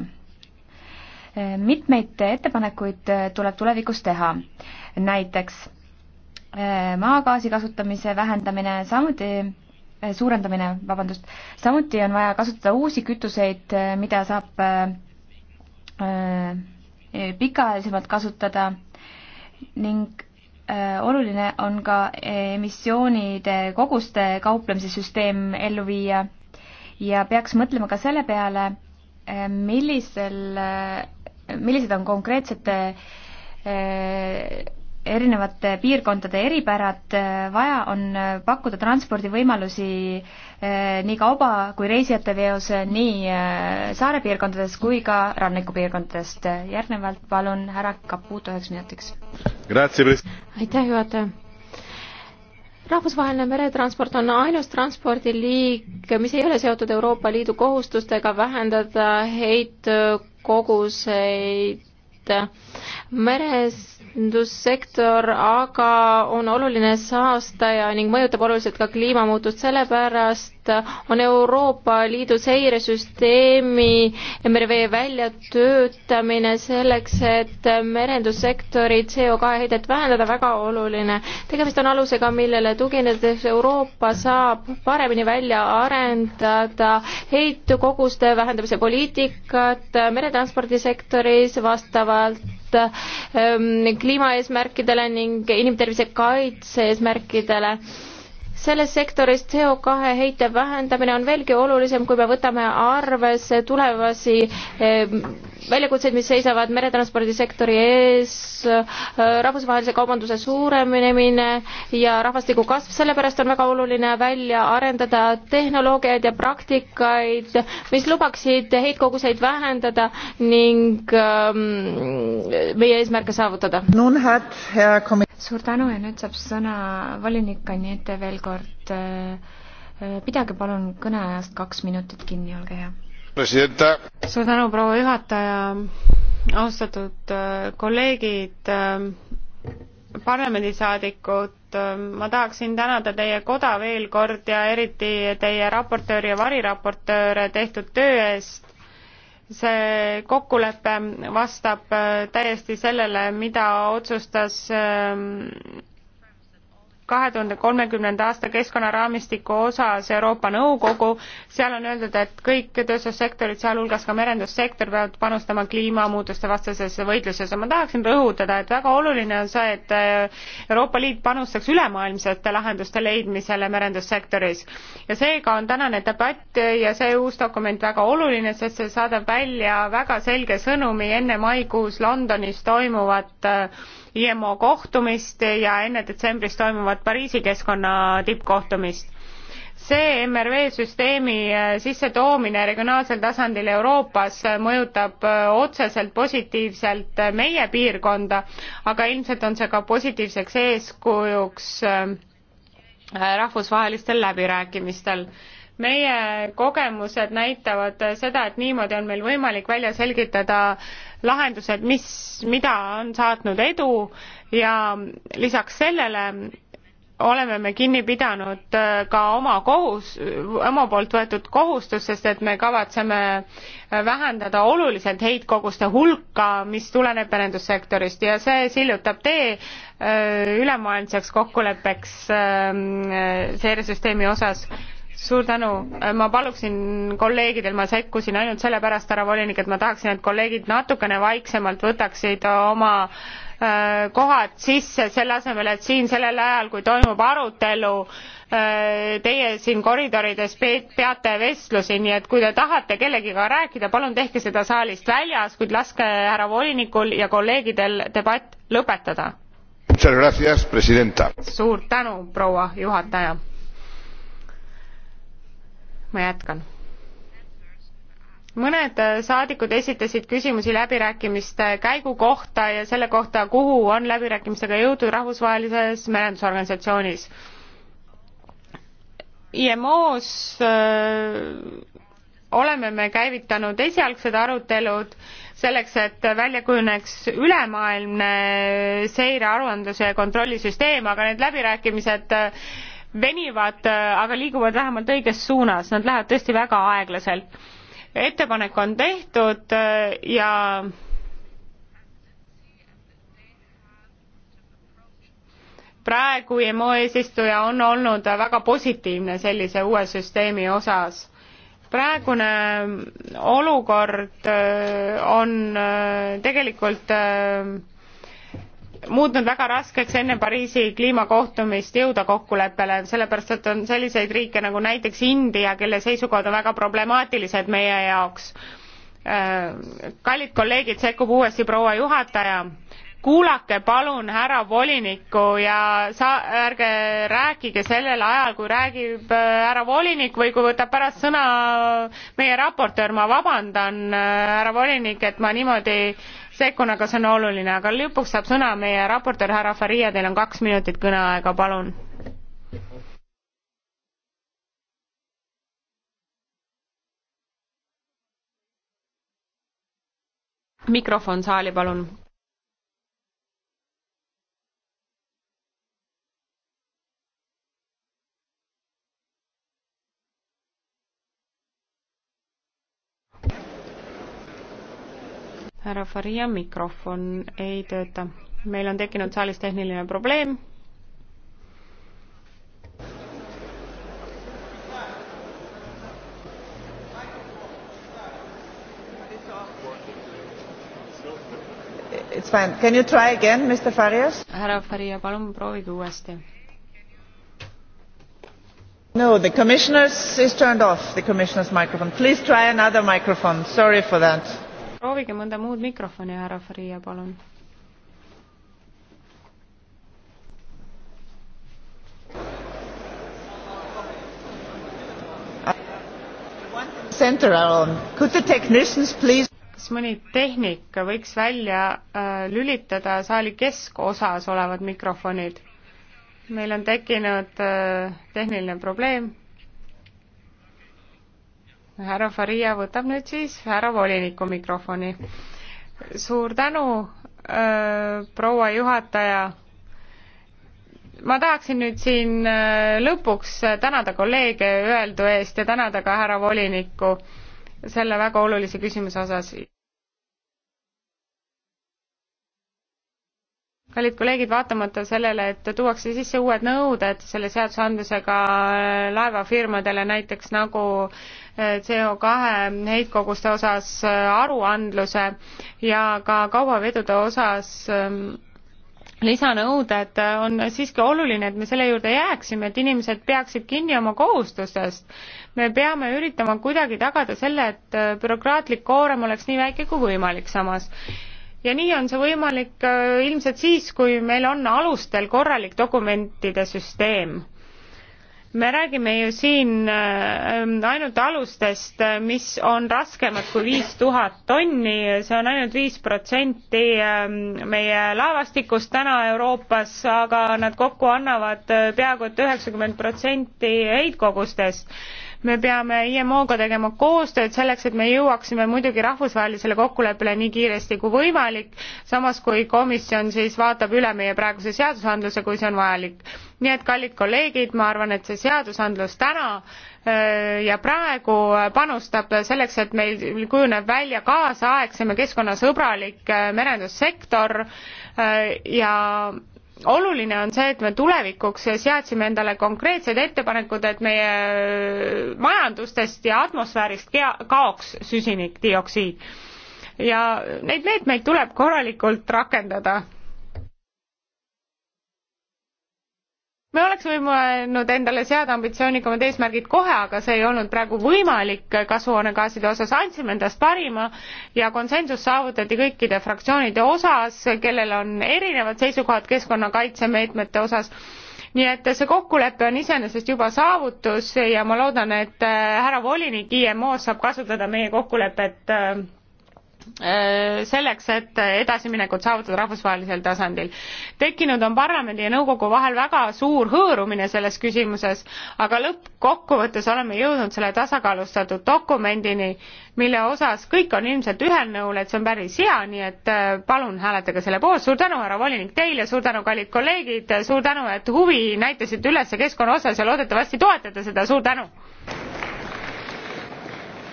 mitmeid ettepanekuid tuleb tulevikus teha, näiteks Äh, maagaasi kasutamise vähendamine, samuti äh, suurendamine, vabandust, samuti on vaja kasutada uusi kütuseid, äh, mida saab pikaajalisemalt kasutada ning oluline on ka emissioonide koguste kauplemise süsteem ellu viia ja peaks mõtlema ka selle peale, millisel, millised on konkreetsete erinevate piirkondade eripärad, äh, vaja on äh, pakkuda transpordivõimalusi äh, nii kauba kui reisijate veos nii saare piirkondades kui ka rannikupiirkondadest. järgnevalt palun härra Caputo üheks minutiks. aitäh, juhataja rahvusvaheline meretransport on ainus transpordiliik, mis ei ole seotud Euroopa Liidu kohustustega vähendada heitkoguseid merendussektor aga on oluline saastaja ning mõjutab oluliselt ka kliimamuutust, sellepärast on Euroopa Liidu seiresüsteemi MRV väljatöötamine selleks, et merendussektori CO2 heidet vähendada, väga oluline. tegemist on alusega, millele tuginedes Euroopa saab paremini välja arendada heitkoguste vähendamise poliitikat meretranspordisektoris vastavalt ähm, kliimaeesmärkidele ning inimtervise kaitse eesmärkidele selles sektoris CO2 heite vähendamine on veelgi olulisem, kui me võtame arvesse tulevasi eh, väljakutseid, mis seisavad meretranspordisektori ees, eh, rahvusvahelise kaubanduse suurenemine ja rahvastiku kasv, sellepärast on väga oluline välja arendada tehnoloogiaid ja praktikaid, mis lubaksid heitkoguseid vähendada ning ähm, meie eesmärke saavutada suur tänu ja nüüd saab sõna volinik Anette veel kord. Äh, äh, pidage palun kõneajast kaks minutit kinni, olge hea. suur tänu, proua juhataja, austatud äh, kolleegid, parlamendisaadikud, ma tahaksin tänada teie koda veel kord ja eriti teie raportööri ja variraportööre tehtud töö eest see kokkulepe vastab äh, täiesti sellele, mida otsustas ähm, kahe tuhande kolmekümnenda aasta keskkonnaraamistiku osas Euroopa Nõukogu. seal on öeldud, et kõik tööstussektorid, sealhulgas ka merendussektor, peavad panustama kliimamuutuste vastasesse võitlusesse. ma tahaksin rõhutada, et väga oluline on see, et äh, Euroopa Liit panustaks ülemaailmsete lahenduste leidmisele merendussektoris. ja seega on tänane debatt ja see uus dokument väga oluline, sest see saadab välja väga selge sõnumi enne maikuus Londonis toimuvat äh, IMO kohtumist ja enne detsembris toimuvat Pariisi keskkonna tippkohtumist see MRV süsteemi äh, sissetoomine regionaalsel tasandil Euroopas äh, mõjutab äh, otseselt positiivselt meie piirkonda, aga ilmselt on see ka positiivseks eeskujuks rahvusvahelistel läbirääkimistel meie kogemused näitavad seda, et niimoodi on meil võimalik välja selgitada lahendused, mis, mida on saatnud edu ja lisaks sellele oleme me kinni pidanud äh, ka oma kohus, oma poolt võetud kohustus, sest et me kavatseme äh, vähendada oluliselt heitkoguste hulka, mis tuleneb merendussektorist ja see sillutab tee äh, ülemaailmseks kokkuleppeks ähm, seiresüsteemi osas suur tänu, äh, ma paluksin kolleegidel, ma sekkusin ainult sellepärast, härra volinik, et ma tahaksin, et kolleegid natukene vaiksemalt võtaksid oma äh, kohad sisse, selle asemel, et siin sellel ajal, kui toimub arutelu, äh, teie siin koridorides peate vestlusi, nii et kui te tahate kellegiga rääkida, palun tehke seda saalist väljas, kuid laske härra volinikul ja kolleegidel debatt lõpetada. suur tänu, proua juhataja ma jätkan. mõned äh, saadikud esitasid küsimusi läbirääkimiste käigu kohta ja selle kohta, kuhu on läbirääkimistega jõudnud rahvusvahelises merendusorganisatsioonis. IMO-s öö, äh, oleme me käivitanud esialgsed arutelud selleks, et välja kujuneks ülemaailmne seirearuandluse ja kontrollisüsteem, aga need läbirääkimised öö, äh, venivad, äh, aga liiguvad vähemalt õiges suunas, nad lähevad tõesti väga aeglaselt. ettepanek on tehtud äh, ja praegu EMO eesistuja on olnud väga positiivne sellise uue süsteemi osas. praegune olukord äh, on tegelikult muutnud väga raskeks enne Pariisi kliimakohtumist jõuda kokkuleppele, sellepärast et on selliseid riike nagu näiteks India, kelle seisukohad on väga problemaatilised meie jaoks. Äh, kallid kolleegid, sekkub uuesti proua juhataja kuulake palun härra volinikku ja sa-, ärge rääkige sellel ajal, kui räägib äh, härra volinik või kui võtab pärast sõna meie raportöör, ma vabandan, äh, härra volinik, et ma niimoodi äh, sekkun, aga see on oluline, aga lõpuks saab sõna meie raportöör härra Faria, teil on kaks minutit kõneaega, palun. mikrofon saali, palun härra Faria mikrofon ei tööta. meil on tekkinud saalis tehniline probleem. It's fine. Can you try again, Mr Farias? härra Faria, palun proovige uuesti. No, the commissioner's is turned off, the commissioner's microphone. Please try another microphone. Sorry for that proovige mõnda muud mikrofoni, härra Faria, palun. Um, kas mõni tehnik võiks välja äh, lülitada saali keskosas olevad mikrofonid? meil on tekkinud äh, tehniline probleem härra Faria võtab nüüd siis härra voliniku mikrofoni. suur tänu, äh, proua juhataja. ma tahaksin nüüd siin äh, lõpuks tänada kolleege öeldu eest ja tänada ka härra volinikku selle väga olulise küsimuse osas. kallid kolleegid, vaatamata sellele, et tuuakse sisse uued nõuded selle seadusandlusega äh, laevafirmadele, näiteks nagu äh, CO kahe heitkoguste osas äh, aruandluse ja ka kaubavedude osas ähm, lisanõuded, äh, on siiski oluline, et me selle juurde jääksime, et inimesed peaksid kinni oma kohustustest. me peame üritama kuidagi tagada selle, et äh, bürokraatlik koorem oleks nii väike kui võimalik samas ja nii on see võimalik ilmselt siis, kui meil on alustel korralik dokumentide süsteem me räägime ju siin äh, ainult alustest, mis on raskemad kui viis tuhat tonni, see on ainult viis protsenti ähm, meie laevastikust täna Euroopas, aga nad kokku annavad äh, peaaegu et üheksakümmend protsenti heitkogustest me peame IMO-ga tegema koostööd selleks, et me jõuaksime muidugi rahvusvahelisele kokkuleppele nii kiiresti kui võimalik, samas kui komisjon siis vaatab üle meie praeguse seadusandluse, kui see on vajalik. nii et kallid kolleegid, ma arvan, et see seadusandlus täna äh, ja praegu panustab selleks, et meil kujuneb välja kaasaegsem ja keskkonnasõbralik äh, merendussektor äh, ja oluline on see, et me tulevikuks seadsime endale konkreetsed ettepanekud, et meie majandustest ja atmosfäärist kaoks süsinikdioksiid. ja neid meetmeid tuleb korralikult rakendada me oleks võimalnud endale seada ambitsioonikamad eesmärgid kohe, aga see ei olnud praegu võimalik kasvuhoonegaaside osas, andsime endast parima ja konsensus saavutati kõikide fraktsioonide osas, kellel on erinevad seisukohad keskkonnakaitsemeetmete osas. nii et see kokkulepe on iseenesest juba saavutus ja ma loodan, et äh, härra volinik IMO-s saab kasutada meie kokkulepet äh, Äh, selleks, et edasiminekut saavutada rahvusvahelisel tasandil. tekkinud on parlamendi ja nõukogu vahel väga suur hõõrumine selles küsimuses, aga lõppkokkuvõttes oleme jõudnud selle tasakaalustatud dokumendini, mille osas kõik on ilmselt ühel nõul, et see on päris hea, nii et äh, palun hääletage selle poolt, suur tänu, härra volinik, teile, suur tänu, kallid kolleegid, suur tänu, et huvi näitasite üles keskkonna osas ja loodetavasti toetate seda, suur tänu!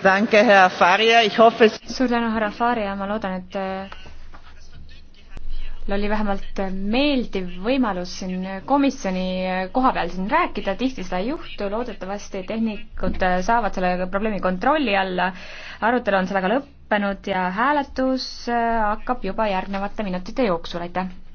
Danke, Herr Faria, ich hoffe es... suur tänu, härra Faria, ma loodan, et teil äh, oli vähemalt äh, meeldiv võimalus siin komisjoni äh, koha peal siin rääkida, tihti seda ei juhtu, loodetavasti tehnikud saavad selle probleemi kontrolli alla. arutelu on sellega lõppenud ja hääletus hakkab juba järgnevate minutite jooksul, aitäh!